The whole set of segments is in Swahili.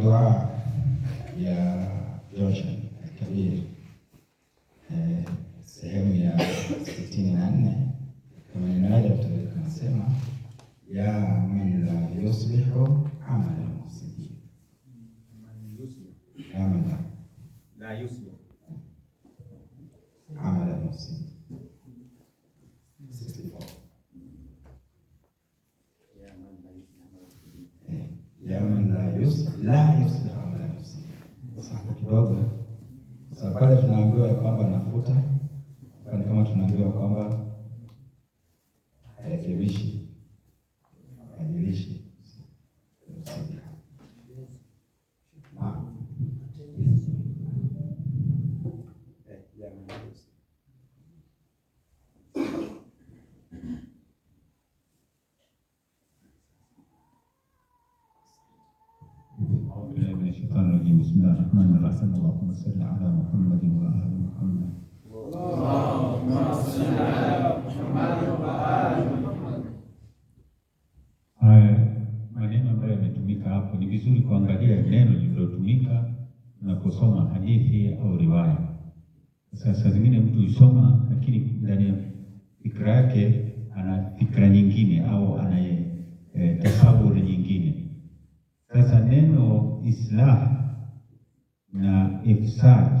Dawaa ya Georgia Kabir eh, sehemu ya sitini na nne kwa maneno yale Mtume anasema ya man la yuslihu amala muslimin lives kidogo sasa, pale tunaambiwa ya kwamba nafuta, kama tunaambiwa kwamba بسم الله الرحمن الرحيم اللهم صل على محمد وآل محمد اللهم صل على محمد وآل محمد. maneno ambayo yametumika hapo, ni vizuri kuangalia neno lililotumika na kusoma hadithi au riwaya. Sasa zingine mtu usoma, lakini ndani ya fikra yake ana fikra nyingine au ana e, eh, tasawuri nyingine. Sasa neno islah ifsad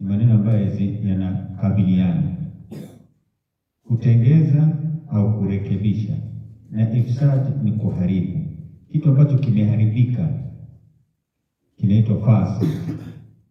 ni maneno ambayo yanakabiliana, kutengeza au kurekebisha, na ifsad ni kuharibu. Kitu ambacho kimeharibika kinaitwa fasi.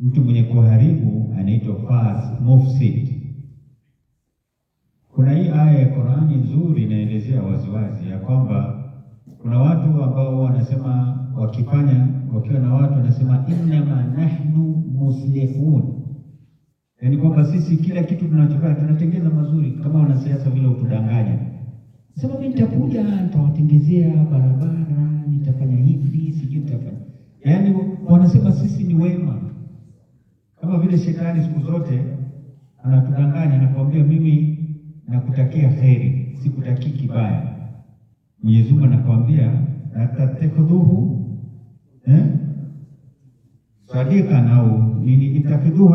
Mtu mwenye kuharibu anaitwa fasi, mufsid. Kuna hii aya ya Qur'ani nzuri inaelezea waziwazi ya kwamba kuna watu ambao wanasema wakifanya wakiwa na watu wanasema innama nahnu muslihun, yaani kwamba sisi kila kitu tunachofanya tunatengeza mazuri. Kama wanasiasa vile utudanganya, sema mimi nitakuja nitawatengezea barabara, nitafanya hivi, sijui nitafanya, yaani wanasema sisi ni wema. Kama vile shetani siku zote anatudanganya, anakuambia mimi nakutakia heri, sikutakii kibaya. Mwenyezi Mungu anakuambia la tattakhudhuhu eh? Sadikan au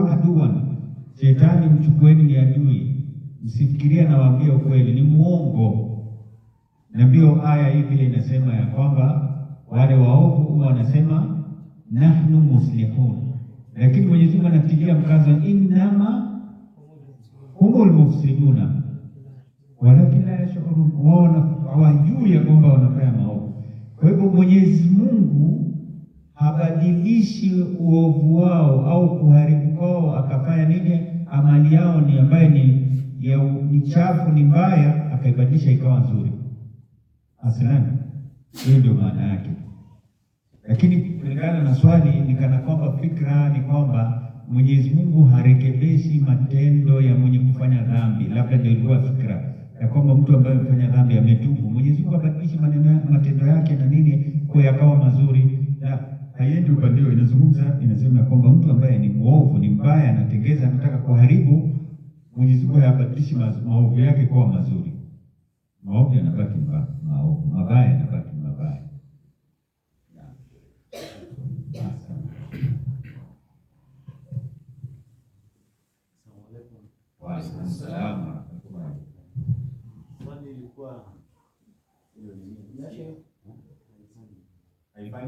aduan, shetani mchukueni ni adui, msifikiria nawaambia ukweli, ni muongo. Na ndio aya hii vile inasema ya kwamba wale waovu huwa wanasema nahnu muslihun, lakini Mwenyezi Mungu anatilia mkazo innama humul mufsiduna walakin la yashurun, wao hawajui ya kwamba wanafanya maovu. Kwa hivyo Mwenyezi Mungu habadilishi uovu wao au kuharibu kwao, akafanya nini? Amali yao ni ambaye ni ya uchafu ni mbaya, akaibadilisha ikawa nzuri. Aslan, hiyo ndio maana yake. Lakini kulingana na swali, ni kana kwamba fikra ni kwamba Mwenyezi Mungu harekebeshi matendo ya mwenye kufanya dhambi, labda ndio ilikuwa fikra ya kwamba mtu ambaye amefanya dhambi ametubu, Mwenyezi Mungu abadilishi matendo yake na nini kwa yakawa mazuri na haiendi upande huo, inazungumza inasema ya kwamba mtu ambaye ni mwovu, ni mbaya, anatengeza, anataka kuharibu, Mwenyezi Mungu hayabadilishi maovu yake kuwa mazuri. Maovu yanabaki maovu, mabaya yanabaki mabaya. Haifai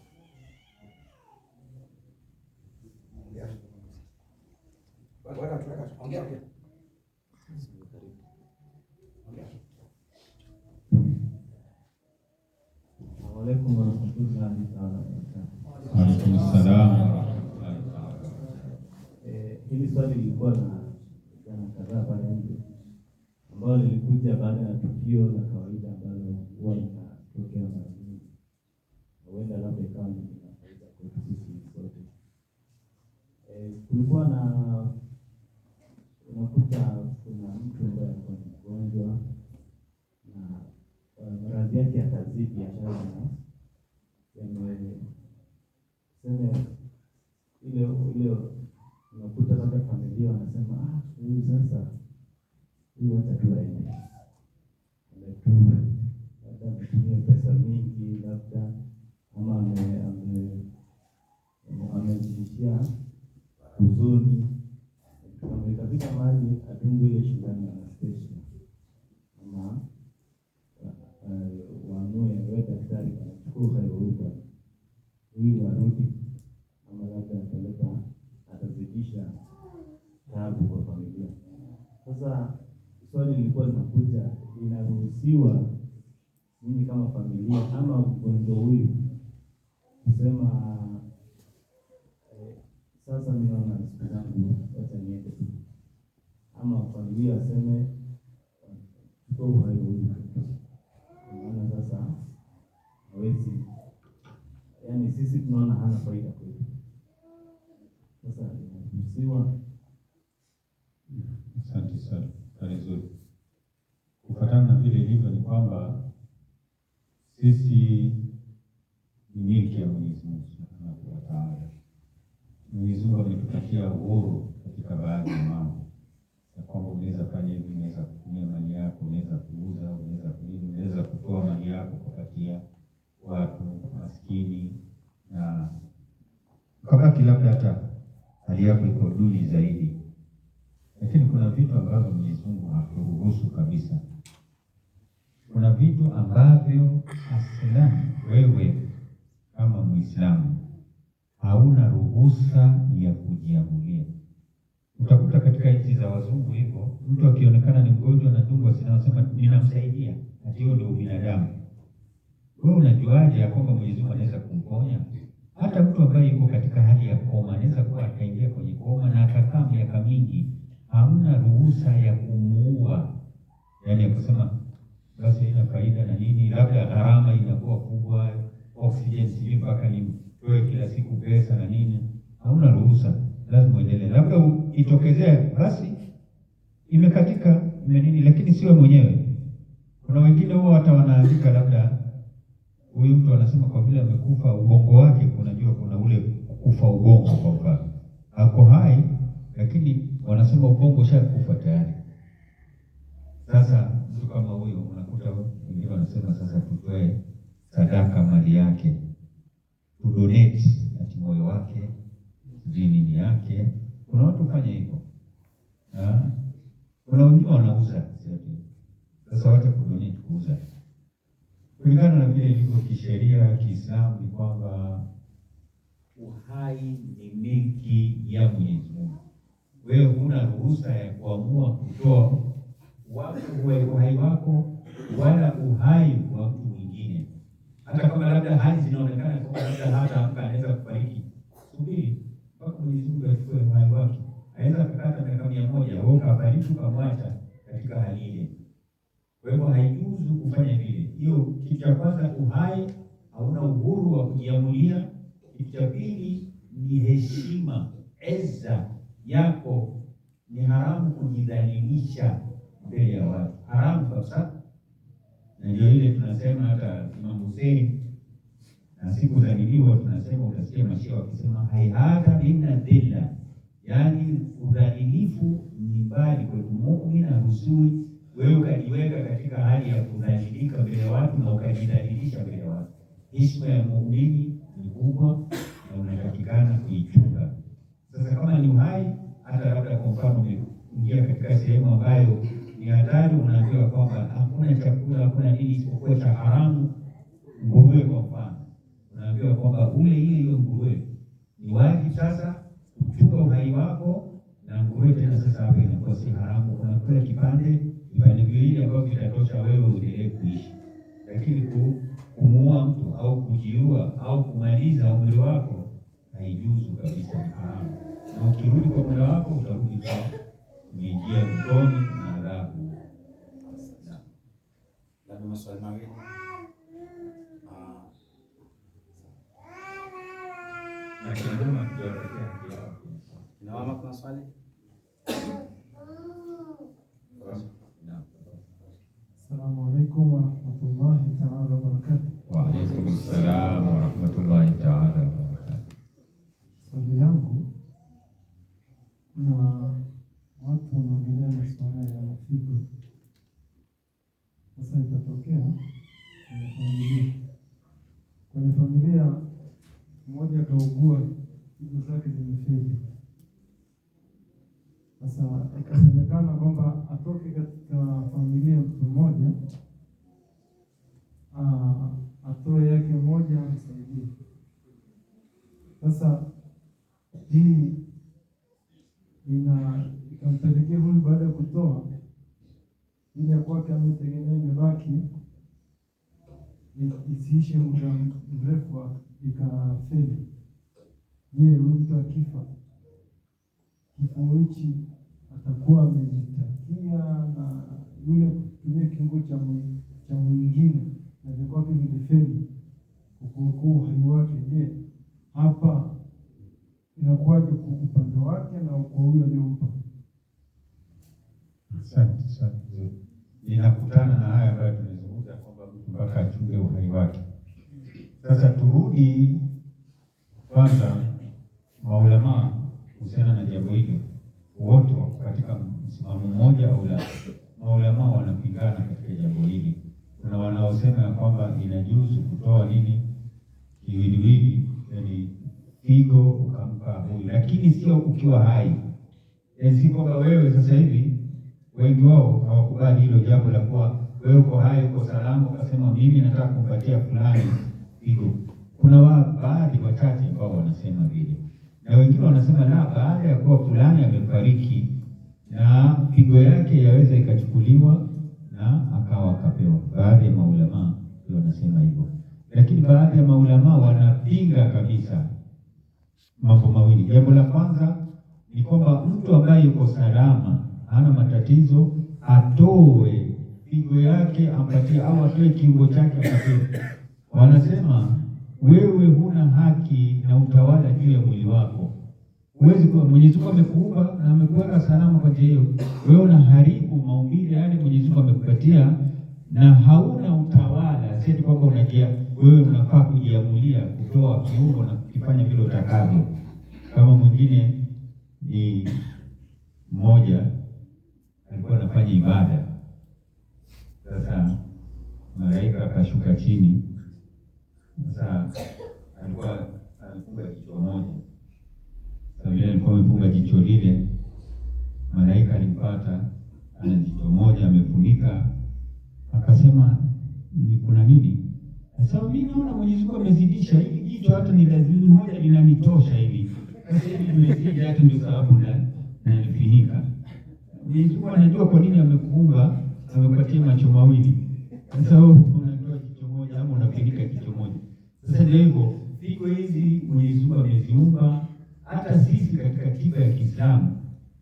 Alaikum salaam. Eh, hili swali lilikuwa na vijana kadhaa pale nje ambayo lilikuja baada ya tukio la kawaida ambalo huwa linatokea God. uhai weupe huyu arudi ama labda ataleta atazidisha taabu kwa familia. Sasa swali lilikuwa linakuja, inaruhusiwa mimi kama familia ama mgonjwa huyu kusema eh, sasa minaona siku zangu, wacha niende tu, ama familia waseme uhai sisi tunaona hana faida kweli. Sasa siwa asante sana zuri Kufatana na vile ilivyo ni kwamba sisi lakini labda hata hali yako iko duni zaidi, lakini kuna vitu ambavyo Mwenyezi Mungu hakuruhusu kabisa. Kuna vitu ambavyo aslani wewe kama Muislamu hauna ruhusa ya kujiamulia. Utakuta katika nchi za wazungu hivyo, mtu akionekana ni mgonjwa na tungo sinasema ninamsaidia, ati hiyo ndio ubinadamu. Wewe unajuaje ya kwamba Mwenyezi Mungu anaweza kumponya? Hata mtu ambaye yuko katika hali ya koma anaweza kuwa akaingia kwenye koma na akakaa miaka mingi, hamna ruhusa ya kumuua, yaani ya kusema basi ina faida na nini, labda gharama inakuwa kubwa, oxygen sijui mpaka nitoe kila siku pesa na nini, hauna ruhusa, lazima uendelee. Labda ukitokezea basi imekatika nini, lakini siwe mwenyewe. Kuna wengine huwa hata wanaandika labda huyu mtu anasema kwa vile amekufa ubongo wake, unajua kuna ule kufa ubongo kwa mfano, ako hai lakini wanasema ubongo ushakufa tayari. Sasa mtu kama huyo unakuta wengine wanasema sasa tutoe sadaka mali yake, tudonate ati moyo wake jinini yake. Kuna watu fanya hivyo, ah, kuna wengine wanauza. Sasa wacha kudonate kuuza kulingana na vile ilivyo kisheria ya Kiislamu ni kwamba uhai ni miki ya Mwenyezi Mungu. Wewe huna ruhusa ya kuamua kutoa uhai wako wala uhai wa mtu mwingine, hata kama labda hali zinaonekana kama labda hata mtu anaweza kufariki. Subiri mpaka Mwenyezi Mungu achukue uhai wake. Anaweza kukata miaka mia moja, wewe ukafariki ukamwacha katika hali ile. Kwa hivyo haijuzu kufanya vile. Hiyo kitu cha kwanza, uhai hauna uhuru wa kujiamulia. Kitu cha pili ni heshima, eza yako ni haramu kujidhalilisha mbele ya watu, haramu kabisa. Na ndio ile tunasema hata Imam Hussein na siku za niliwa, tunasema utasikia Mashia wakisema haihata bina dhilla, yaani udhalilifu ni mbali kwetu, na haruhusiwi wewe ukajiweka katika hali ya kudhalilika mbele ya watu na ukajidhalilisha mbele ya watu. Heshima ya muumini ni kubwa na unatakikana kuichunga. Sasa kama ni uhai, hata labda kwa mfano umeingia katika sehemu ambayo ni hatari, unaambiwa kwamba hakuna chakula, hakuna nini isipokuwa cha haramu, nguruwe kwa mfano, unaambiwa kwamba ule ile hiyo nguruwe ni wajibu sasa kuchunga uhai wako na nguruwe tena, sasa hapo inakuwa si haramu, unakula kipande Vifanikio hivi ambavyo kitatosha wewe uendelee kuishi, lakini kumuua mtu au kujiua au kumaliza umri wako haijuzu kabisa. Na ukirudi kwa mula wako utarudi kwa umeingia mtoni na adhabu. siku. Sasa itatokea kwenye familia, kwenye familia mmoja akaugua, hizo zake zimefeli. Sasa ikasemekana kwamba atoke katika familia mtu mmoja atoe yake moja amsaidie. Sasa hii ina ikampelekea akija kwake amtegemea imebaki isiishe muda mrefu ikafeli. Je, huyu mtu akifa kifo hichi atakuwa amejitakia na yule kutumia kiungo cha mwingine na vya kwake vilifeli kukuokoa uhai wake. Je, hapa inakuwaje kwa upande wake na kwa huyo aliyompa? Asante sana linakutana na haya ambayo tumezungumza kwamba mtu mpaka achunge uhai wake. Sasa turudi kwanza maulamaa kuhusiana na jambo hilo, wote wako katika msimamo mmoja au la? Maulamaa wanapingana katika jambo hili. Kuna wanaosema ya kwamba inajuzu kutoa nini, kiwiliwili, yani figo ukampa huyu, lakini sio ukiwa hai, si kwamba wewe sasa hivi Wengi wao hawakubali hilo jambo la kuwa wewe uko hai, uko salama, ukasema mimi nataka kumpatia fulani pigo. Kuna baadhi wachache ambao wanasema vile, na wengine wanasema la, baada ya kuwa fulani amefariki na pigo yake yaweza ikachukuliwa na akawa akapewa. Baadhi ya maulamaa wanasema hivyo, lakini baadhi ya maulamaa wanapinga kabisa mambo mawili. Jambo la kwanza ni kwamba mtu ambaye yuko salama hana matatizo, atoe pigo yake ampatie, au atoe kiungo chake ampatie. Wanasema wewe huna haki na utawala juu ya mwili wako, huwezi kuwa. Mwenyezi Mungu amekuumba na amekuweka salama kwa njia hiyo, wewe unaharibu maumbile yale Mwenyezi Mungu amekupatia na hauna utawala, si kwamba unajia wewe unafaa kujiamulia kutoa kiungo na kufanya vile utakavyo. Kama mwingine ni mmoja akashuka chini. Sasa alikuwa amefunga jicho moja, sababu alikuwa amefunga jicho lile. Malaika alimpata ana jicho moja amefunika, akasema ni kuna nini? Sasa mimi naona Mwenyezi Mungu amezidisha hili jicho, hata ni lazima moja linanitosha hivi sasa hivi limezidi, hata ndio sababu na nalifunika. Mwenyezi Mungu anajua kwa nini amekuumba, amekupatia macho mawili sasa kutumika kitu moja. Sasa ndio hivyo, siku hizi Mwenyezi Mungu ameziumba. Hata sisi katika tiba ya Kiislamu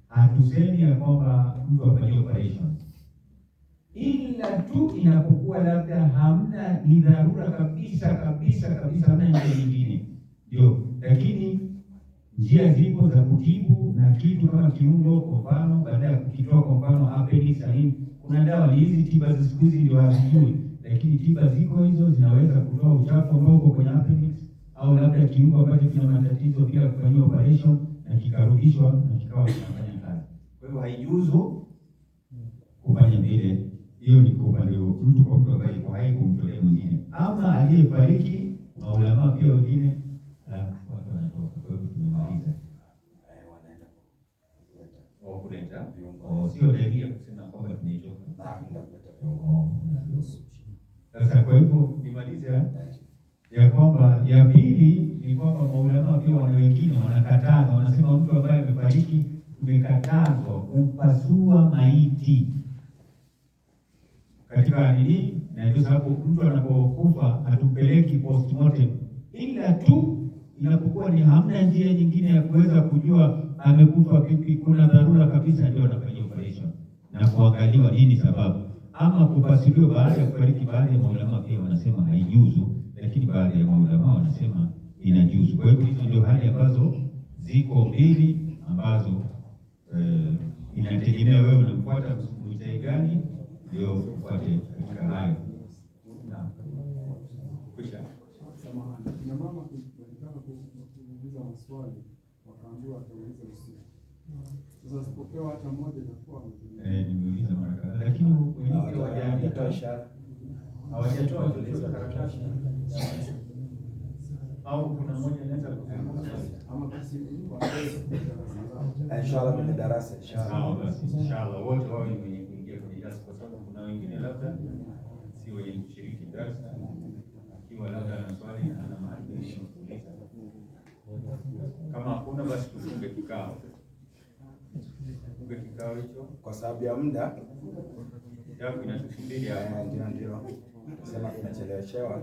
hatusemi ya kwamba mtu afanyie operation, ila tu inapokuwa labda hamna, ni dharura kabisa kabisa kabisa, hamna njia nyingine, ndio. Lakini njia zipo za kutibu na kitu kama kiungo, kwa mfano, baada ya kukitoa, kwa mfano apeli ah, sahihi, kuna dawa. Ni hizi tiba za siku hizi ndio hazijui lakini tiba ziko hizo, zinaweza kutoa uchafu ambao uko kwenye appendix au labda kiungo ambacho kina matatizo bila kufanyiwa operation na kikarudishwa na kikawa kinafanya kazi. Kwa hiyo haijuzu kufanya vile, hiyo ni kwa upande mtu kwa mtu ambaye yuko hai kumtolea mwingine, ama aliyefariki. Maulamaa pia wengine watu wanatoka, kwa hiyo tumemaliza sio dalili ya kusema kwamba tumechoka hivyo nimalize eh? ya kwamba ya pili ni kwamba maulama pia wana wengine wanakataza, wanasema mtu ambaye amefariki umekatazwa kupasua maiti katika nini, na ndio sababu mtu anapokufa hatumpeleki postmortem, ila tu inapokuwa ni hamna njia nyingine ya kuweza kujua amekufa vipi, kuna dharura kabisa, ndio anafanyia operation na kuangaliwa nini sababu ama kufasiriwa baada ya kufariki. Baadhi ya maulama pia wanasema haijuzu, lakini baadhi ya maulama wanasema inajuzu. Kwa hiyo hizo ndio hali ambazo ziko mbili ambazo eh, inategemea wewe unamfuata mtai gani, ndio ufuate katika hayo. Eh, nimeuliza mara kadhaa lakini hawajatoa ishara, hawajatoa kielezo karatasi au kuna mmoja anaweza kuzungumza ama basi inshallah kwenye darasa inshallah wote wao wenye kuingia kwenye darasa, kwa sababu kuna wengine labda si wenye kushiriki darasa, akiwa labda ana swali ana maandishi kuuliza. Kama hakuna basi tufunge kikao, tufunge kikao hicho kwa sababu ya muda sema tunacheleweshewa.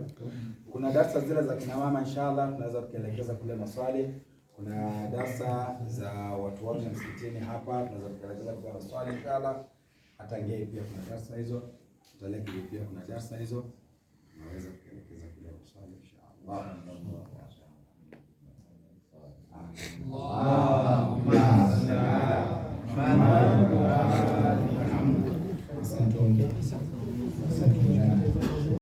Kuna darsa zile za kina mama, inshallah tunaweza tukaelekeza kule maswali. Kuna darsa za watu wote msikitini hapa, tunaweza tukaelekeza kule maswali inshallah. Hata ngei pia kuna darsa hizo, tutaleki pia kuna darsa hizo, tunaweza tukaelekeza kule maswali inshallah. Allahumma salli ala Muhammad going down.